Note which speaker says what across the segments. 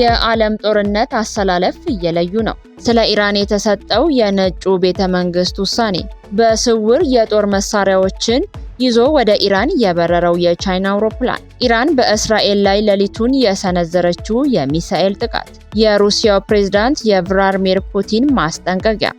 Speaker 1: የዓለም ጦርነት አሰላለፍ እየለዩ ነው። ስለ ኢራን የተሰጠው የነጩ ቤተ መንግስት ውሳኔ፣ በስውር የጦር መሳሪያዎችን ይዞ ወደ ኢራን የበረረው የቻይና አውሮፕላን፣ ኢራን በእስራኤል ላይ ሌሊቱን የሰነዘረችው የሚሳኤል ጥቃት፣ የሩሲያው ፕሬዝዳንት የቭላድሚር ፑቲን ማስጠንቀቂያ።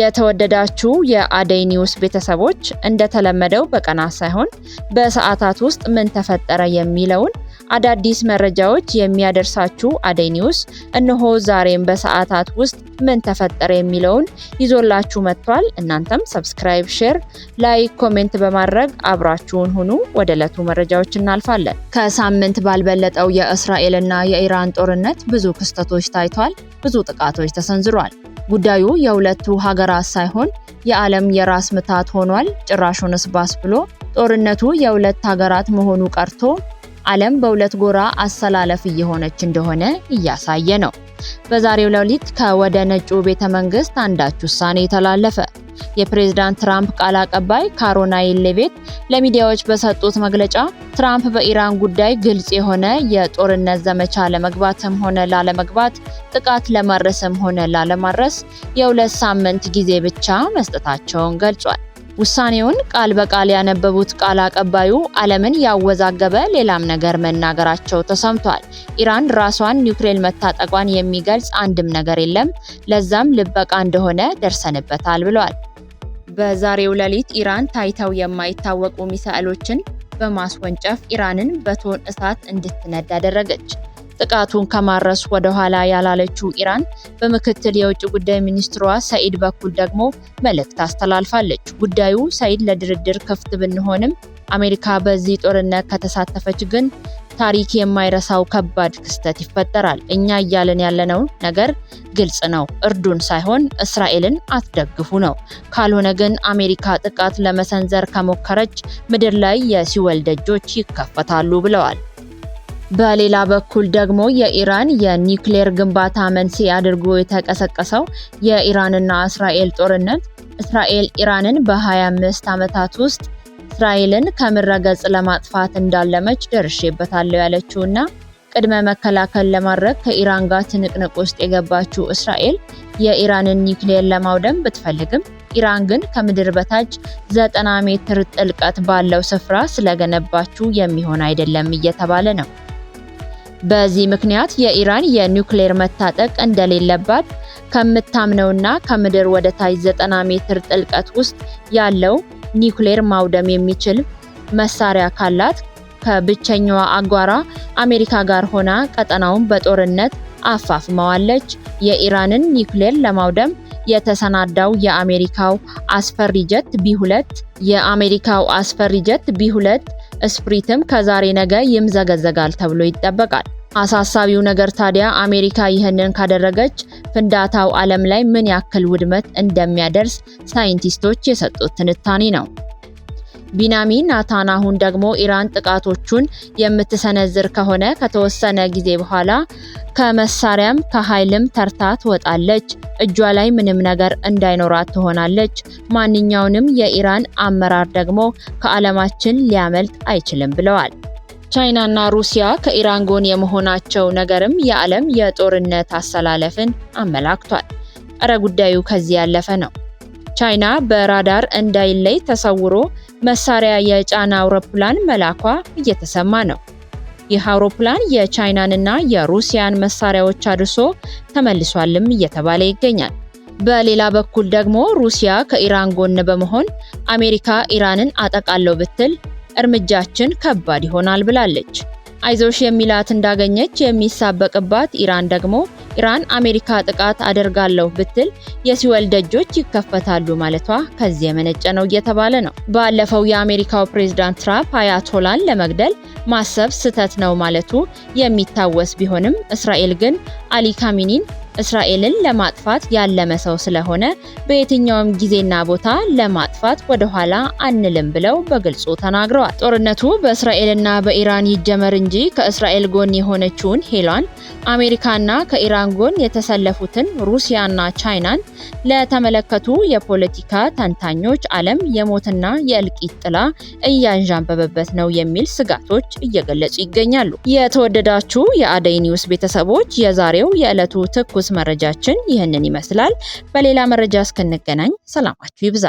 Speaker 1: የተወደዳችሁ የአደይ ኒውስ ቤተሰቦች እንደተለመደው በቀናት ሳይሆን በሰዓታት ውስጥ ምን ተፈጠረ የሚለውን አዳዲስ መረጃዎች የሚያደርሳችሁ አደይ ኒውስ እነሆ ዛሬም በሰዓታት ውስጥ ምን ተፈጠረ የሚለውን ይዞላችሁ መጥቷል። እናንተም ሰብስክራይብ፣ ሼር፣ ላይክ፣ ኮሜንት በማድረግ አብራችሁን ሁኑ። ወደ ዕለቱ መረጃዎች እናልፋለን።
Speaker 2: ከሳምንት ባልበለጠው የእስራኤልና የኢራን ጦርነት ብዙ ክስተቶች ታይቷል፣ ብዙ ጥቃቶች ተሰንዝሯል። ጉዳዩ የሁለቱ ሀገራት ሳይሆን የዓለም የራስ ምታት ሆኗል። ጭራሹንስ ባስ ብሎ ጦርነቱ የሁለት ሀገራት መሆኑ ቀርቶ ዓለም በሁለት ጎራ አሰላለፍ እየሆነች እንደሆነ እያሳየ ነው። በዛሬው ሌሊት ከወደ ነጩ ቤተ መንግስት አንዳች ውሳኔ ተላለፈ። የፕሬዝዳንት ትራምፕ ቃል አቀባይ ካሮላይን ሌቪት ለሚዲያዎች በሰጡት መግለጫ ትራምፕ በኢራን ጉዳይ ግልጽ የሆነ የጦርነት ዘመቻ ለመግባትም ሆነ ላለመግባት፣ ጥቃት ለማድረስም ሆነ ላለማድረስ የሁለት ሳምንት ጊዜ ብቻ መስጠታቸውን ገልጿል። ውሳኔውን ቃል በቃል ያነበቡት ቃል አቀባዩ ዓለምን ያወዛገበ ሌላም ነገር መናገራቸው ተሰምቷል። ኢራን ራሷን ኒውክሌር መታጠቋን የሚገልጽ አንድም ነገር የለም፣ ለዛም ልበቃ እንደሆነ ደርሰንበታል ብሏል። በዛሬው ሌሊት ኢራን ታይተው የማይታወቁ ሚሳኤሎችን በማስወንጨፍ ኢራንን በቶን እሳት እንድትነድ አደረገች። ጥቃቱን ከማድረስ ወደ ኋላ ያላለችው ኢራን በምክትል የውጭ ጉዳይ ሚኒስትሯ ሰኢድ በኩል ደግሞ መልእክት አስተላልፋለች። ጉዳዩ ሰኢድ ለድርድር ክፍት ብንሆንም አሜሪካ በዚህ ጦርነት ከተሳተፈች ግን ታሪክ የማይረሳው ከባድ ክስተት ይፈጠራል። እኛ እያለን ያለነው ነገር ግልጽ ነው። እርዱን ሳይሆን እስራኤልን አትደግፉ ነው። ካልሆነ ግን አሜሪካ ጥቃት ለመሰንዘር ከሞከረች ምድር ላይ የሲወል ደጆች ይከፈታሉ ብለዋል። በሌላ በኩል ደግሞ የኢራን የኒውክሌር ግንባታ መንስኤ አድርጎ የተቀሰቀሰው የኢራንና እስራኤል ጦርነት እስራኤል ኢራንን በ25 ዓመታት ውስጥ እስራኤልን ከምድረ ገጽ ለማጥፋት እንዳለመች ደርሼበታለሁ ያለችውና ቅድመ መከላከል ለማድረግ ከኢራን ጋር ትንቅንቅ ውስጥ የገባችው እስራኤል የኢራንን ኒውክሌር ለማውደም ብትፈልግም ኢራን ግን ከምድር በታች ዘጠና ሜትር ጥልቀት ባለው ስፍራ ስለገነባችው የሚሆን አይደለም እየተባለ ነው። በዚህ ምክንያት የኢራን የኒውክሌር መታጠቅ እንደሌለባት ከምታምነውና ከምድር ወደ ታች 90 ሜትር ጥልቀት ውስጥ ያለው ኒውክሌር ማውደም የሚችል መሳሪያ ካላት ከብቸኛዋ አጓራ አሜሪካ ጋር ሆና ቀጠናውን በጦርነት አፋፍመዋለች። የኢራንን ኒውክሌር ለማውደም የተሰናዳው የአሜሪካው አስፈሪ ጀት ቢ የአሜሪካው አስፈሪ ጀት ቢ ስፕሪትም ከዛሬ ነገ ይምዘገዘጋል ተብሎ ይጠበቃል። አሳሳቢው ነገር ታዲያ አሜሪካ ይህንን ካደረገች ፍንዳታው ዓለም ላይ ምን ያክል ውድመት እንደሚያደርስ ሳይንቲስቶች የሰጡት ትንታኔ ነው። ቢናሚን ናታን አሁን ደግሞ ኢራን ጥቃቶቹን የምትሰነዝር ከሆነ ከተወሰነ ጊዜ በኋላ ከመሳሪያም ከኃይልም ተርታ ትወጣለች። እጇ ላይ ምንም ነገር እንዳይኖራት ትሆናለች። ማንኛውንም የኢራን አመራር ደግሞ ከዓለማችን ሊያመልጥ አይችልም ብለዋል። ቻይናና ሩሲያ ከኢራን ጎን የመሆናቸው ነገርም የዓለም የጦርነት አሰላለፍን አመላክቷል። እረ ጉዳዩ ከዚህ ያለፈ ነው። ቻይና በራዳር እንዳይለይ ተሰውሮ መሳሪያ የጫነ አውሮፕላን መላኳ እየተሰማ ነው። ይህ አውሮፕላን የቻይናንና የሩሲያን መሳሪያዎች አድርሶ ተመልሷልም እየተባለ ይገኛል። በሌላ በኩል ደግሞ ሩሲያ ከኢራን ጎን በመሆን አሜሪካ ኢራንን አጠቃለው ብትል እርምጃችን ከባድ ይሆናል ብላለች። አይዞሽ የሚላት እንዳገኘች የሚሳበቅባት ኢራን ደግሞ ኢራን አሜሪካ ጥቃት አደርጋለሁ ብትል የሲወል ደጆች ይከፈታሉ ማለቷ ከዚህ የመነጨ ነው እየተባለ ነው። ባለፈው የአሜሪካው ፕሬዝዳንት ትራምፕ አያቶላን ለመግደል ማሰብ ስህተት ነው ማለቱ የሚታወስ ቢሆንም እስራኤል ግን አሊ ካሚኒን እስራኤልን ለማጥፋት ያለመ ሰው ስለሆነ በየትኛውም ጊዜና ቦታ ለማጥፋት ወደኋላ አንልም ብለው በግልጹ ተናግረዋል። ጦርነቱ በእስራኤልና በኢራን ይጀመር እንጂ ከእስራኤል ጎን የሆነችውን ሄሏን አሜሪካና ከኢራን ጎን የተሰለፉትን ሩሲያና ቻይናን ለተመለከቱ የፖለቲካ ተንታኞች ዓለም የሞትና የእልቂት ጥላ እያንዣንበበበት ነው የሚል ስጋቶች እየገለጹ ይገኛሉ። የተወደዳችሁ የአደይ ኒውስ ቤተሰቦች የዛሬው የዕለቱ ትኩስ መረጃችን ይህንን ይመስላል። በሌላ መረጃ እስክንገናኝ ሰላማችሁ ይብዛ።